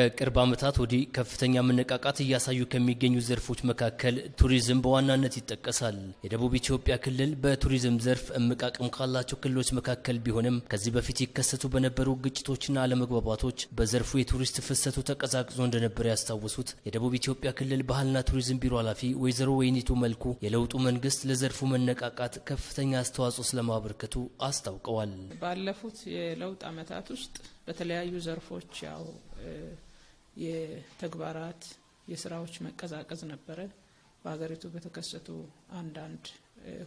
ከቅርብ ዓመታት ወዲህ ከፍተኛ መነቃቃት እያሳዩ ከሚገኙ ዘርፎች መካከል ቱሪዝም በዋናነት ይጠቀሳል። የደቡብ ኢትዮጵያ ክልል በቱሪዝም ዘርፍ እምቅ አቅም ካላቸው ክልሎች መካከል ቢሆንም ከዚህ በፊት ይከሰቱ በነበሩ ግጭቶችና አለመግባባቶች በዘርፉ የቱሪስት ፍሰቱ ተቀዛቅዞ እንደነበር ያስታወሱት የደቡብ ኢትዮጵያ ክልል ባህልና ቱሪዝም ቢሮ ኃላፊ ወይዘሮ ወይኒቱ መልኩ የለውጡ መንግስት ለዘርፉ መነቃቃት ከፍተኛ አስተዋጽኦ ስለማበርከቱ አስታውቀዋል። ባለፉት የለውጥ ዓመታት ውስጥ በተለያዩ ዘርፎች ያው የተግባራት የስራዎች መቀዛቀዝ ነበረ። በሀገሪቱ በተከሰቱ አንዳንድ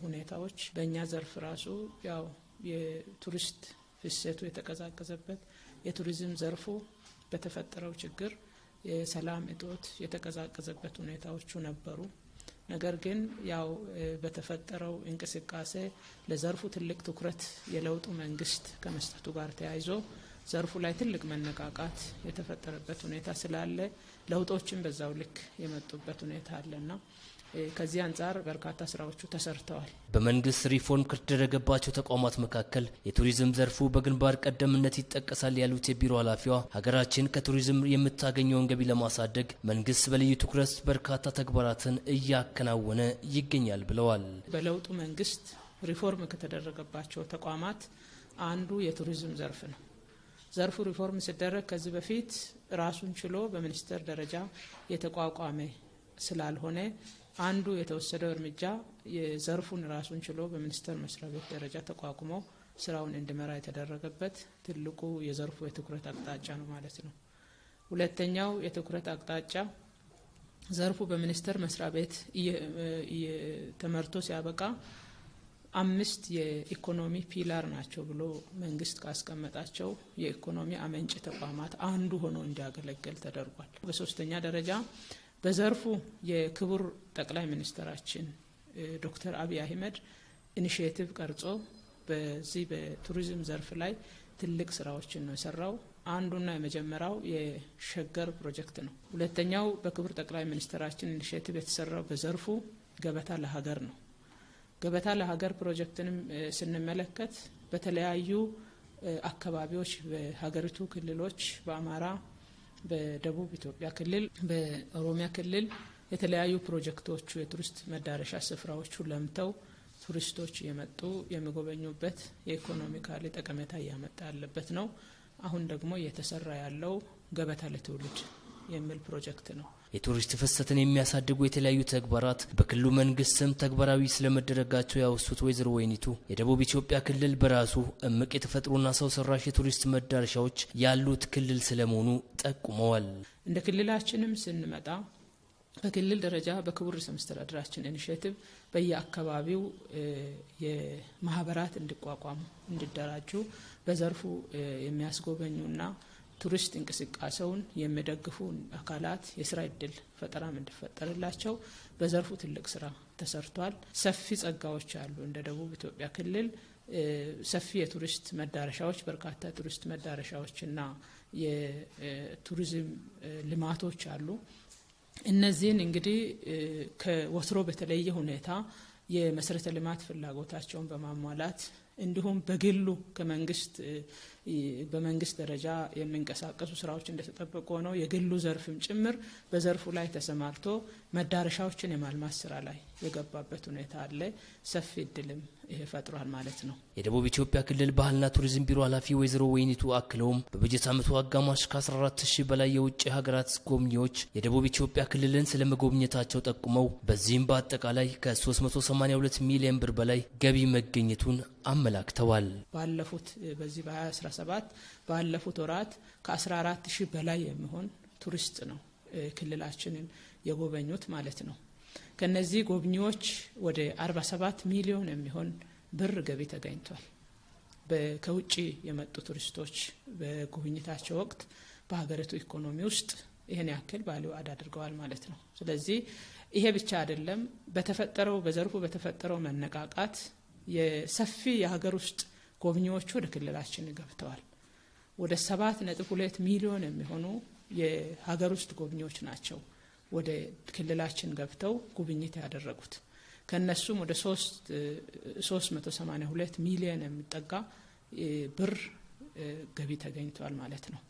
ሁኔታዎች በእኛ ዘርፍ ራሱ ያው የቱሪስት ፍሰቱ የተቀዛቀዘበት የቱሪዝም ዘርፉ በተፈጠረው ችግር የሰላም እጦት የተቀዛቀዘበት ሁኔታዎቹ ነበሩ። ነገር ግን ያው በተፈጠረው እንቅስቃሴ ለዘርፉ ትልቅ ትኩረት የለውጡ መንግስት ከመስጠቱ ጋር ተያይዞ ዘርፉ ላይ ትልቅ መነቃቃት የተፈጠረበት ሁኔታ ስላለ ለውጦችን በዛው ልክ የመጡበት ሁኔታ አለና ከዚህ አንጻር በርካታ ስራዎቹ ተሰርተዋል። በመንግስት ሪፎርም ከተደረገባቸው ተቋማት መካከል የቱሪዝም ዘርፉ በግንባር ቀደምነት ይጠቀሳል ያሉት የቢሮ ኃላፊዋ ሀገራችን ከቱሪዝም የምታገኘውን ገቢ ለማሳደግ መንግስት በልዩ ትኩረት በርካታ ተግባራትን እያከናወነ ይገኛል ብለዋል። በለውጡ መንግስት ሪፎርም ከተደረገባቸው ተቋማት አንዱ የቱሪዝም ዘርፍ ነው። ዘርፉ ሪፎርም ሲደረግ ከዚህ በፊት ራሱን ችሎ በሚኒስቴር ደረጃ የተቋቋመ ስላልሆነ አንዱ የተወሰደው እርምጃ የዘርፉን ራሱን ችሎ በሚኒስቴር መስሪያ ቤት ደረጃ ተቋቁሞ ስራውን እንዲመራ የተደረገበት ትልቁ የዘርፉ የትኩረት አቅጣጫ ነው ማለት ነው። ሁለተኛው የትኩረት አቅጣጫ ዘርፉ በሚኒስቴር መስሪያ ቤት ተመርቶ ሲያበቃ አምስት የኢኮኖሚ ፒላር ናቸው ብሎ መንግስት ካስቀመጣቸው የኢኮኖሚ አመንጭ ተቋማት አንዱ ሆኖ እንዲያገለግል ተደርጓል። በሶስተኛ ደረጃ በዘርፉ የክቡር ጠቅላይ ሚኒስትራችን ዶክተር አብይ አህመድ ኢኒሽቲቭ ቀርጾ በዚህ በቱሪዝም ዘርፍ ላይ ትልቅ ስራዎችን ነው የሰራው። አንዱና የመጀመሪያው የሸገር ፕሮጀክት ነው። ሁለተኛው በክቡር ጠቅላይ ሚኒስትራችን ኢኒሽቲቭ የተሰራው በዘርፉ ገበታ ለሀገር ነው። ገበታ ለሀገር ፕሮጀክትንም ስንመለከት በተለያዩ አካባቢዎች በሀገሪቱ ክልሎች በአማራ፣ በደቡብ ኢትዮጵያ ክልል፣ በኦሮሚያ ክልል የተለያዩ ፕሮጀክቶቹ የቱሪስት መዳረሻ ስፍራዎቹ ለምተው ቱሪስቶች የመጡ የሚጎበኙበት የኢኮኖሚካሊ ጠቀሜታ እያመጣ ያለበት ነው። አሁን ደግሞ እየተሰራ ያለው ገበታ ለትውልድ የሚል ፕሮጀክት ነው። የቱሪስት ፍሰትን የሚያሳድጉ የተለያዩ ተግባራት በክልሉ መንግስት ስም ተግባራዊ ስለመደረጋቸው ያወሱት ወይዘሮ ወይኒቱ የደቡብ ኢትዮጵያ ክልል በራሱ እምቅ የተፈጥሮና ሰው ሰራሽ የቱሪስት መዳረሻዎች ያሉት ክልል ስለመሆኑ ጠቁመዋል። እንደ ክልላችንም ስንመጣ በክልል ደረጃ በክቡር ርዕሰ መስተዳድራችን በየአካባቢው የማህበራት እንዲቋቋሙ፣ እንዲደራጁ በዘርፉ የሚያስጎበኙና ቱሪስት እንቅስቃሴውን የሚደግፉ አካላት የስራ እድል ፈጠራም እንዲፈጠርላቸው በዘርፉ ትልቅ ስራ ተሰርቷል። ሰፊ ጸጋዎች አሉ። እንደ ደቡብ ኢትዮጵያ ክልል ሰፊ የቱሪስት መዳረሻዎች በርካታ የቱሪስት መዳረሻዎችና የቱሪዝም ልማቶች አሉ። እነዚህን እንግዲህ ከወትሮ በተለየ ሁኔታ የመሰረተ ልማት ፍላጎታቸውን በማሟላት እንዲሁም በግሉ ከመንግስት በመንግስት ደረጃ የሚንቀሳቀሱ ስራዎች እንደተጠበቁ ሆነው የግሉ ዘርፍም ጭምር በዘርፉ ላይ ተሰማርቶ መዳረሻዎችን የማልማት ስራ ላይ የገባበት ሁኔታ አለ። ሰፊ እድልም ይሄ ፈጥሯል ማለት ነው። የደቡብ ኢትዮጵያ ክልል ባህልና ቱሪዝም ቢሮ ኃላፊ ወይዘሮ ወይኒቱ አክለውም በበጀት ዓመቱ አጋማሽ ከ14 ሺህ በላይ የውጭ ሀገራት ጎብኚዎች የደቡብ ኢትዮጵያ ክልልን ስለመጎብኘታቸው ጠቁመው በዚህም በአጠቃላይ ከ382 ሚሊዮን ብር በላይ ገቢ መገኘቱን አመላክተዋል። ባለፉት በዚህ በ2017 ባለፉት ወራት ከ14 ሺህ በላይ የሚሆን ቱሪስት ነው ክልላችንን የጎበኙት ማለት ነው። ከነዚህ ጎብኚዎች ወደ 47 ሚሊዮን የሚሆን ብር ገቢ ተገኝቷል። ከውጭ የመጡ ቱሪስቶች በጉብኝታቸው ወቅት በሀገሪቱ ኢኮኖሚ ውስጥ ይህን ያክል ባሊው አድ አድርገዋል ማለት ነው። ስለዚህ ይሄ ብቻ አይደለም፣ በተፈጠረው በዘርፉ በተፈጠረው መነቃቃት የሰፊ የሀገር ውስጥ ጎብኚዎች ወደ ክልላችን ገብተዋል። ወደ ሰባት ነጥብ ሁለት ሚሊዮን የሚሆኑ የሀገር ውስጥ ጎብኚዎች ናቸው ወደ ክልላችን ገብተው ጉብኝት ያደረጉት። ከነሱም ወደ 382 ሚሊዮን የሚጠጋ ብር ገቢ ተገኝቷል ማለት ነው።